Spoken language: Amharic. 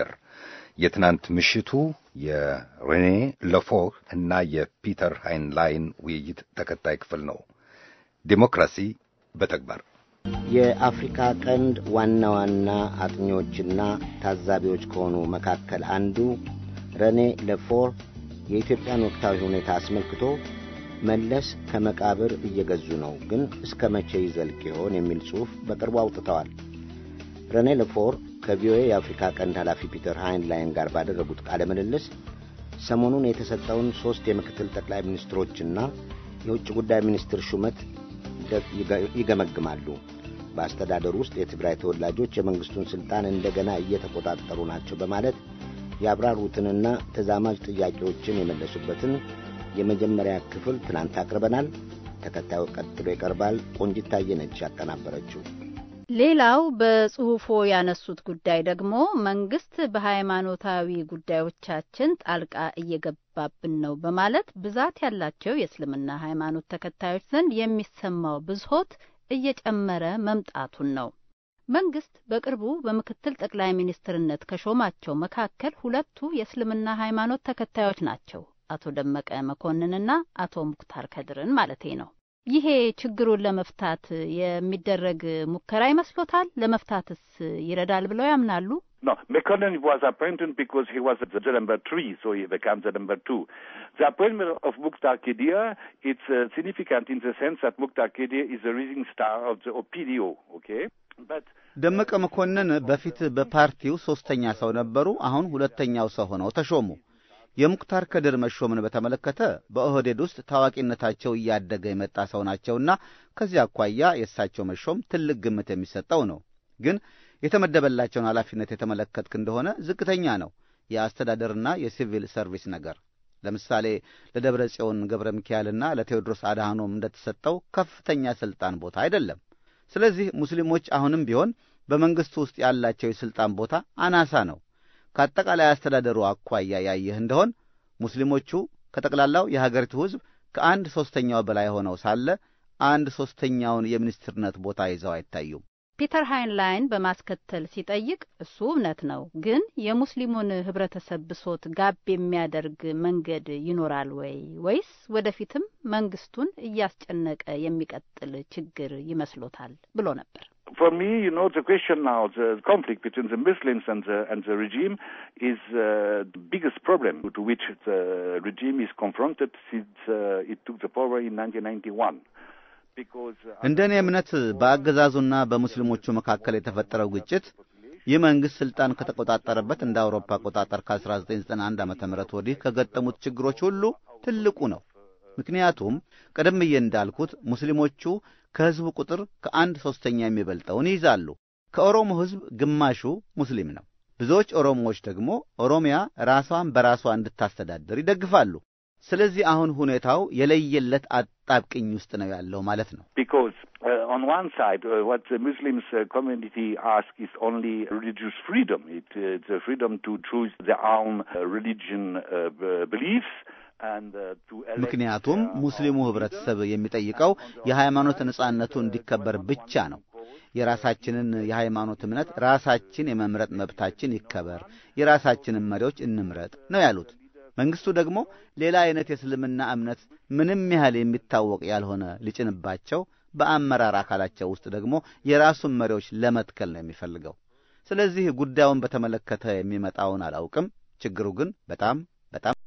ነገር የትናንት ምሽቱ የሬኔ ለፎ እና የፒተር ሃይንላይን ውይይት ተከታይ ክፍል ነው። ዴሞክራሲ በተግባር የአፍሪካ ቀንድ ዋና ዋና አጥኚዎችና ታዛቢዎች ከሆኑ መካከል አንዱ ረኔ ለፎር የኢትዮጵያን ወቅታዊ ሁኔታ አስመልክቶ መለስ ከመቃብር እየገዙ ነው፣ ግን እስከ መቼ ይዘልቅ ይሆን የሚል ጽሑፍ በቅርቡ አውጥተዋል። ረኔ ለፎር ከቪኦኤ የአፍሪካ ቀንድ ኃላፊ ፒተር ሃይንላይን ጋር ባደረጉት ቃለ ምልልስ ሰሞኑን የተሰጠውን ሦስት የምክትል ጠቅላይ ሚኒስትሮችና የውጭ ጉዳይ ሚኒስትር ሹመት ይገመግማሉ። በአስተዳደሩ ውስጥ የትግራይ ተወላጆች የመንግሥቱን ሥልጣን እንደገና እየተቆጣጠሩ ናቸው በማለት ያብራሩትንና ተዛማጅ ጥያቄዎችን የመለሱበትን የመጀመሪያ ክፍል ትናንት አቅርበናል። ተከታዩ ቀጥሎ ይቀርባል። ቆንጂት ታየነች ያቀናበረችው። ሌላው በጽሁፎ ያነሱት ጉዳይ ደግሞ መንግስት በሃይማኖታዊ ጉዳዮቻችን ጣልቃ እየገባብን ነው በማለት ብዛት ያላቸው የእስልምና ሃይማኖት ተከታዮች ዘንድ የሚሰማው ብዝሆት እየጨመረ መምጣቱን ነው። መንግስት በቅርቡ በምክትል ጠቅላይ ሚኒስትርነት ከሾማቸው መካከል ሁለቱ የእስልምና ሃይማኖት ተከታዮች ናቸው። አቶ ደመቀ መኮንንና አቶ ሙክታር ከድርን ማለቴ ነው። ይሄ ችግሩን ለመፍታት የሚደረግ ሙከራ ይመስሎታል? ለመፍታትስ ይረዳል ብለው ያምናሉ? No, McConnell was appointed because he was the number three, so he becomes the number two. The appointment of Mukhtar Kedia is uh, significant in the sense that Mukhtar Kedia is the rising star of the OPDO, okay? But ደመቀ መኮንን በፊት በፓርቲው ሶስተኛ ሰው ነበሩ። አሁን ሁለተኛው ሰው ሆነው ተሾሙ። የሙክታር ከድር መሾምን በተመለከተ በኦህዴድ ውስጥ ታዋቂነታቸው እያደገ የመጣ ሰው ናቸውና ከዚህ አኳያ የእሳቸው መሾም ትልቅ ግምት የሚሰጠው ነው። ግን የተመደበላቸውን ኃላፊነት የተመለከትክ እንደሆነ ዝቅተኛ ነው። የአስተዳደርና የሲቪል ሰርቪስ ነገር ለምሳሌ ለደብረ ጽዮን ገብረ ሚካኤልና ለቴዎድሮስ አድሃኖም እንደተሰጠው ከፍተኛ ሥልጣን ቦታ አይደለም። ስለዚህ ሙስሊሞች አሁንም ቢሆን በመንግሥቱ ውስጥ ያላቸው የሥልጣን ቦታ አናሳ ነው። ከአጠቃላይ አስተዳደሩ አኳያ ያየህ እንደሆን ሙስሊሞቹ ከጠቅላላው የሀገሪቱ ሕዝብ ከአንድ ሦስተኛው በላይ ሆነው ሳለ አንድ ሦስተኛውን የሚኒስትርነት ቦታ ይዘው አይታዩም። ፒተር ሃይንላይን በማስከተል ሲጠይቅ እሱ እውነት ነው፣ ግን የሙስሊሙን ህብረተሰብ ብሶት ጋብ የሚያደርግ መንገድ ይኖራል ወይ? ወይስ ወደፊትም መንግስቱን እያስጨነቀ የሚቀጥል ችግር ይመስሎታል? ብሎ ነበር። for me, you know, the question now, the conflict between the Muslims and the, and the regime is uh, the biggest problem to which the regime is confronted since uh, it took the power in 1991. እንደ እኔ እምነት በአገዛዙና በሙስሊሞቹ መካከል የተፈጠረው ግጭት ይህ መንግሥት ሥልጣን ከተቆጣጠረበት እንደ አውሮፓ አቆጣጠር ከ1991 ዓ ም ወዲህ ከገጠሙት ችግሮች ሁሉ ትልቁ ነው። ምክንያቱም ቀደም እንዳልኩት ሙስሊሞቹ ከሕዝቡ ቁጥር ከአንድ ሦስተኛ የሚበልጠውን ይይዛሉ። ከኦሮሞ ሕዝብ ግማሹ ሙስሊም ነው። ብዙዎች ኦሮሞዎች ደግሞ ኦሮሚያ ራሷን በራሷ እንድታስተዳድር ይደግፋሉ። ስለዚህ አሁን ሁኔታው የለየለት አጣብቅኝ ውስጥ ነው ያለው ማለት ነው። ቢኮዝ ኦን ዋን ሳይድ ዋት ሙስሊምስ ኮሚኒቲ አስክ ኢዝ ኦንሊ ሪሊጂየስ ፍሪደም ፍሪደም ቱ ቹዝ ኦውን ሪሊጅን ቢሊፍስ ምክንያቱም ሙስሊሙ ህብረተሰብ የሚጠይቀው የሃይማኖት ነጻነቱ እንዲከበር ብቻ ነው። የራሳችንን የሃይማኖት እምነት ራሳችን የመምረጥ መብታችን ይከበር፣ የራሳችንን መሪዎች እንምረጥ ነው ያሉት። መንግስቱ ደግሞ ሌላ አይነት የእስልምና እምነት ምንም ያህል የሚታወቅ ያልሆነ ሊጭንባቸው፣ በአመራር አካላቸው ውስጥ ደግሞ የራሱን መሪዎች ለመትከል ነው የሚፈልገው። ስለዚህ ጉዳዩን በተመለከተ የሚመጣውን አላውቅም። ችግሩ ግን በጣም በጣም